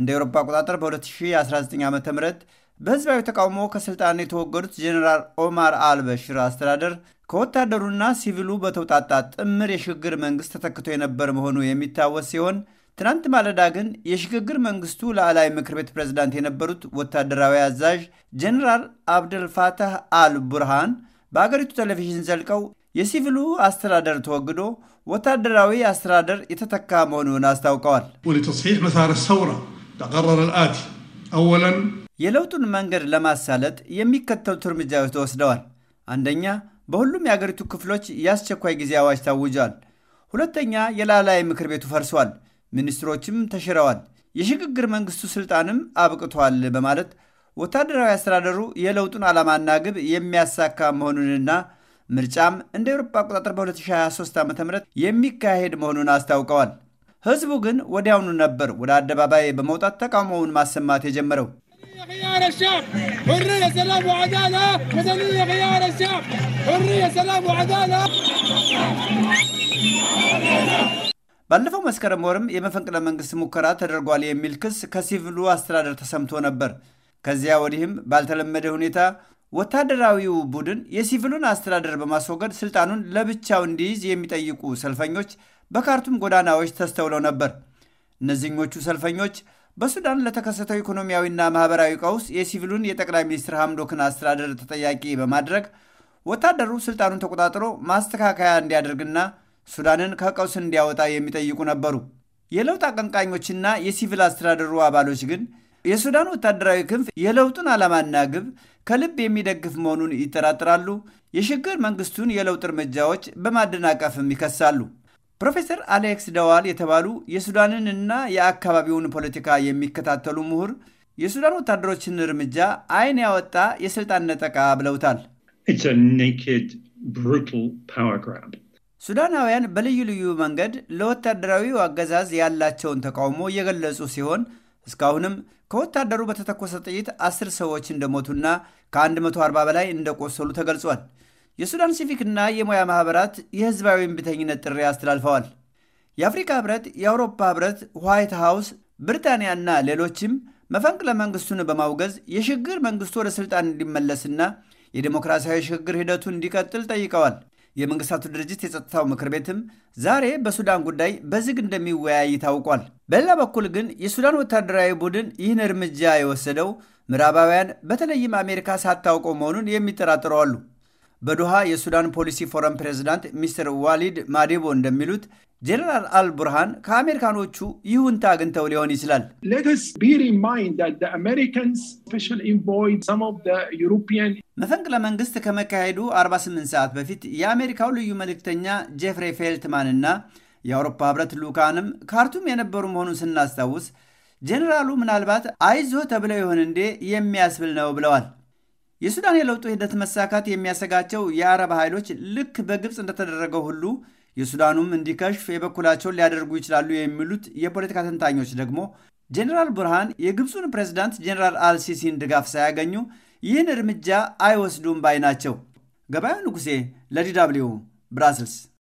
እንደ ኤሮፓ አቆጣጠር በ2019 ዓ ም በህዝባዊ ተቃውሞ ከስልጣን የተወገዱት ጀኔራል ኦማር አልበሽር አስተዳደር ከወታደሩና ሲቪሉ በተውጣጣ ጥምር የሽግግር መንግስት ተተክቶ የነበር መሆኑ የሚታወስ ሲሆን ትናንት ማለዳ ግን የሽግግር መንግስቱ ላዕላዊ ምክር ቤት ፕሬዝዳንት የነበሩት ወታደራዊ አዛዥ ጀኔራል አብደልፋታህ አል ቡርሃን በአገሪቱ ቴሌቪዥን ዘልቀው የሲቪሉ አስተዳደር ተወግዶ ወታደራዊ አስተዳደር የተተካ መሆኑን አስታውቀዋል። ተቀረረ ልአት አወለን የለውጡን መንገድ ለማሳለጥ የሚከተሉት እርምጃዎች ተወስደዋል። አንደኛ፣ በሁሉም የአገሪቱ ክፍሎች የአስቸኳይ ጊዜ አዋጅ ታውጇል። ሁለተኛ፣ የላላይ ምክር ቤቱ ፈርሷል፣ ሚኒስትሮችም ተሽረዋል፣ የሽግግር መንግስቱ ስልጣንም አብቅቷል በማለት ወታደራዊ አስተዳደሩ የለውጡን ዓላማና ግብ የሚያሳካ መሆኑንና ምርጫም እንደ ኤውሮፓ አቆጣጠር በ2023 ዓ ም የሚካሄድ መሆኑን አስታውቀዋል። ህዝቡ ግን ወዲያውኑ ነበር ወደ አደባባይ በመውጣት ተቃውሞውን ማሰማት የጀመረው። ባለፈው መስከረም ወርም የመፈንቅለ መንግስት ሙከራ ተደርጓል የሚል ክስ ከሲቪሉ አስተዳደር ተሰምቶ ነበር። ከዚያ ወዲህም ባልተለመደ ሁኔታ ወታደራዊው ቡድን የሲቪሉን አስተዳደር በማስወገድ ስልጣኑን ለብቻው እንዲይዝ የሚጠይቁ ሰልፈኞች በካርቱም ጎዳናዎች ተስተውለው ነበር። እነዚህኞቹ ሰልፈኞች በሱዳን ለተከሰተው ኢኮኖሚያዊና ማህበራዊ ቀውስ የሲቪሉን የጠቅላይ ሚኒስትር ሐምዶክን አስተዳደር ተጠያቂ በማድረግ ወታደሩ ስልጣኑን ተቆጣጥሮ ማስተካከያ እንዲያደርግና ሱዳንን ከቀውስ እንዲያወጣ የሚጠይቁ ነበሩ። የለውጥ አቀንቃኞችና የሲቪል አስተዳደሩ አባሎች ግን የሱዳን ወታደራዊ ክንፍ የለውጡን ዓላማና ግብ ከልብ የሚደግፍ መሆኑን ይጠራጥራሉ። የሽግግር መንግስቱን የለውጥ እርምጃዎች በማደናቀፍም ይከሳሉ። ፕሮፌሰር አሌክስ ደዋል የተባሉ የሱዳንን እና የአካባቢውን ፖለቲካ የሚከታተሉ ምሁር የሱዳን ወታደሮችን እርምጃ አይን ያወጣ የስልጣን ነጠቃ ብለውታል። ሱዳናውያን በልዩ ልዩ መንገድ ለወታደራዊው አገዛዝ ያላቸውን ተቃውሞ የገለጹ ሲሆን እስካሁንም ከወታደሩ በተተኮሰ ጥይት አስር ሰዎች እንደሞቱና ከ140 በላይ እንደቆሰሉ ተገልጿል። የሱዳን ሲቪክና የሙያ ማኅበራት የሕዝባዊ እምቢተኝነት ጥሪ አስተላልፈዋል። የአፍሪካ ኅብረት፣ የአውሮፓ ኅብረት፣ ዋይት ሃውስ፣ ብሪታንያና ሌሎችም መፈንቅለ መንግሥቱን በማውገዝ የሽግግር መንግሥቱ ወደ ሥልጣን እንዲመለስና የዴሞክራሲያዊ ሽግግር ሂደቱ እንዲቀጥል ጠይቀዋል። የመንግስታቱ ድርጅት የጸጥታው ምክር ቤትም ዛሬ በሱዳን ጉዳይ በዝግ እንደሚወያይ ታውቋል። በሌላ በኩል ግን የሱዳን ወታደራዊ ቡድን ይህን እርምጃ የወሰደው ምዕራባውያን በተለይም አሜሪካ ሳታውቀው መሆኑን የሚጠራጥረዋሉ። በዱሃ የሱዳን ፖሊሲ ፎረም ፕሬዚዳንት ሚስተር ዋሊድ ማዴቦ እንደሚሉት ጀነራል አል ቡርሃን ከአሜሪካኖቹ ይሁንታ አግኝተው ሊሆን ይችላል። መፈንቅለ መንግስት ከመካሄዱ 48 ሰዓት በፊት የአሜሪካው ልዩ መልእክተኛ ጄፍሬ ፌልትማን እና የአውሮፓ ህብረት ልዑካንም ካርቱም የነበሩ መሆኑን ስናስታውስ ጀኔራሉ ምናልባት አይዞ ተብለው ይሆን እንዴ የሚያስብል ነው ብለዋል። የሱዳን የለውጡ ሂደት መሳካት የሚያሰጋቸው የአረብ ኃይሎች ልክ በግብፅ እንደተደረገው ሁሉ የሱዳኑም እንዲከሽፍ የበኩላቸውን ሊያደርጉ ይችላሉ የሚሉት የፖለቲካ ተንታኞች ደግሞ ጀኔራል ቡርሃን የግብፁን ፕሬዝዳንት ጀኔራል አልሲሲን ድጋፍ ሳያገኙ ይህን እርምጃ አይወስዱም ባይ ናቸው። ገበያው ንጉሴ ለዲ ደብልዩ ብራስልስ